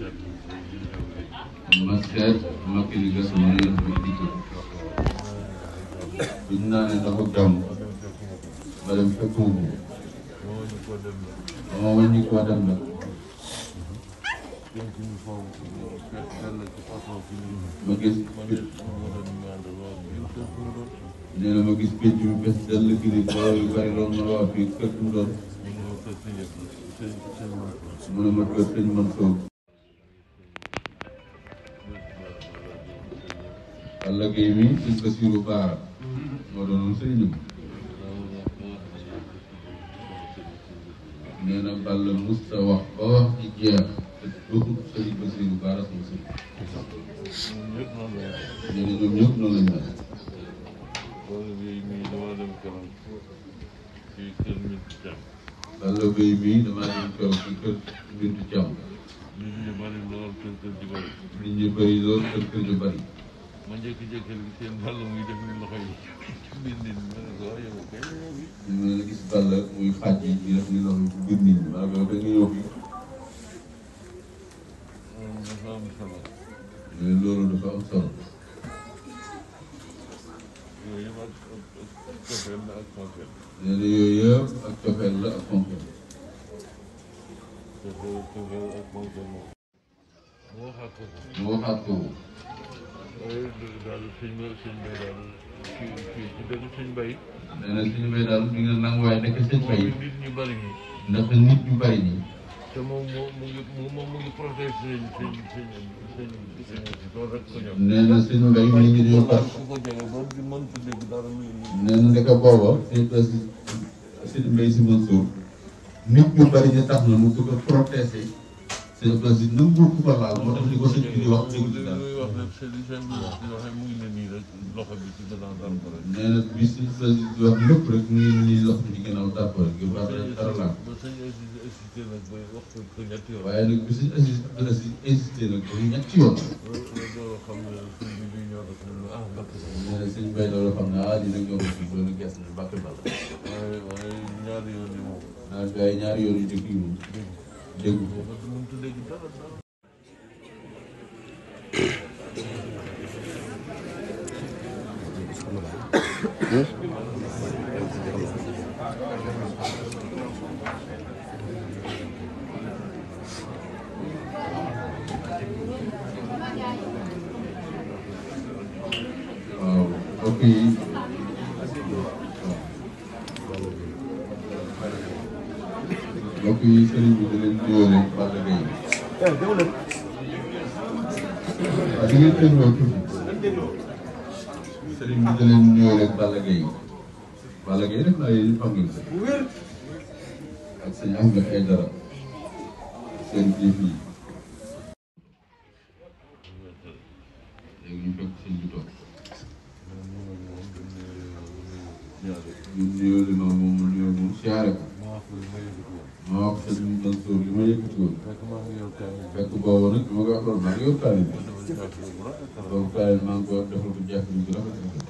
Maskat makili gas ma ne dafa jiitu biñ naa ne dafa gàmm ma dem fekkuwu ma wàññi koo dem nag ma gis nee na ma gis pénc bi bés dell gi di borom yu bari lool ma waa fii kër mu doon mu ne ma kër sëñ man toog walla géey mi sëñ Basiiru Baara moo doonoon sëriñam nee na Balla musta wax ba wax ci jeex te doxul sëriñ Basiiru Baara sama sëriñ nee na ñoom ñëpp noonu lañu mel Balla Gaye mii damaa dem kaw ci kër Bintu Thiam nit ñi bëri lool kër kër ju bëri nit ñi bëri lool kër kër ju bëri ma jékki-jékki li seen Balla muy def ni loxo yi ci biir nit ñi ma ne ko yow kay ñu la gis Balla muy xaj yi di def ni loxo yi ci biir nit ñi ma ne ko kay nga ñëw fii dafa am solo loolu dafa am solo yooyu yëpp ak cofeel la ak fonkeel nee na yooyu yëpp ak cofeel la ak fonkeel cofeel cofeel ak fonkeel moom mu waxaat ko mu waxaat ko daal sëñ ba daal kii kii ci dëgg sëñ bay. nee na sëñ bay daal mi ngi nangu nekk sëñ bay. nit ñu te moom moo mu ngi moom mu ngi protégé sëñ na sëñ bay mi si sëñ bay si Mansour nit bari ñi tax na mu bëgg a sëñ Basi nanguwul ku ko laal moo tax li ko sëñ bi di wax dégg nga daal. waaw nee na bi sëñ Basi di wax lépp rek mu ngi nii loxo bi gannaaw dàpp rek yow ba dara laal. waaye nag bi sëñ Asi Asi insisté nag ba ñetti yoon. nee na sëñ Bay loolu xam ne ah dina ñëw si loolu gerte bi bàq bal. waaye ñaari yoon yi moom. ñaari yoon yu njëkk yi moom dégg ko. waaw mbokk yi mbokk yi sëriñ bi di leen nuyoo rek Balla Gaye. waaw di ngeen dégloo tuuti sëriñ bi di leen nuyoo rek Balla Gaye Balla Gaye def naa yéen xam ngeen ak sëñ Ahmed Aïdara seen jiif yi. nuyoo li ma moom nuyoo moom siyaare ko. ma wax ko sëñ Mansour li ma yëkkati woon. fekk boobu nag li ma koy wax loolu maa ngi yor kaay bi. boobu kaay bi maa ngi koy wax defal ko jàpp bi rafet rafet.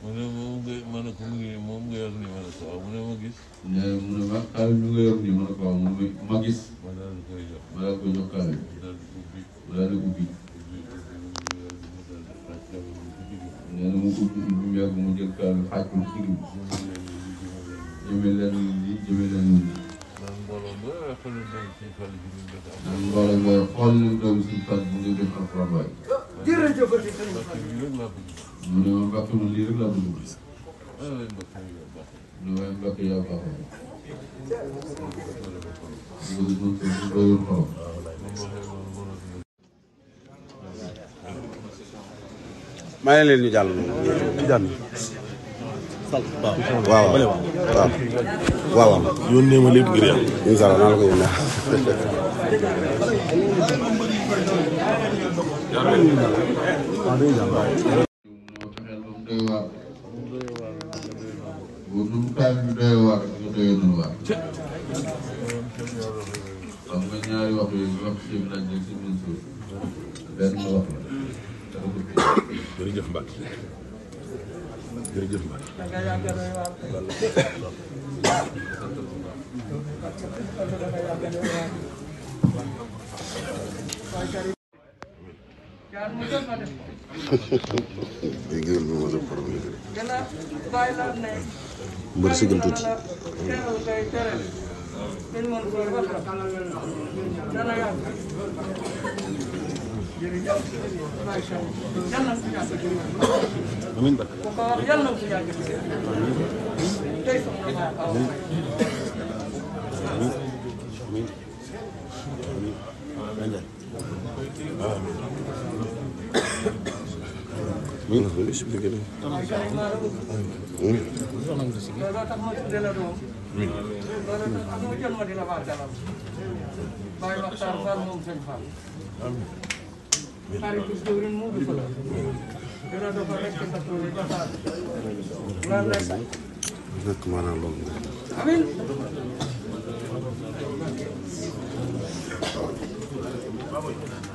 mu ne moom nga ma ne ko mu ngi moom nga yor nii ma ne ko waaw mu ne ma gis. mu ne ma kaay bi ñu nga yor nii ma ne ko waaw ma gis. ma daal di koy jox ma daal di koy jox kaay bi. ma daal di ubbi. nee na mu ubbi njëkk ak xaaj bu digg bi jëme leen lii jëme leen lii naan mbooloo mooy xool leen doom si fal bu ñu def ak rabaay jërëjëfati mu ne ma mbàkk mi lii rek laa bëgg ñu waaye mbàkk yaa baax may leen ñu jàll Tidiane. waaw waaw waaw. waaw. yónnee ma lépp ngir yàlla. incha allah naa la ko yónnee. bu dul taal bi doy waar nga doyoonul waar. xam nga ñaari wax yi wax si biir laaj benn wax la. jërëjëf Mbacke. jërëjëf Mbacke. dégg ngeen moom mos a faral di. mbër sëgal tuuti. amiin ba ko wax yàlla na ko yàgg tey soxna naa aw amiin amiin amiin amiin amiin Sarifus jëwriñ moo fi ko la dana doxal rek ci sa tool yi ba faatu loolu lay sax nekk maanaam loolu amin Thank you.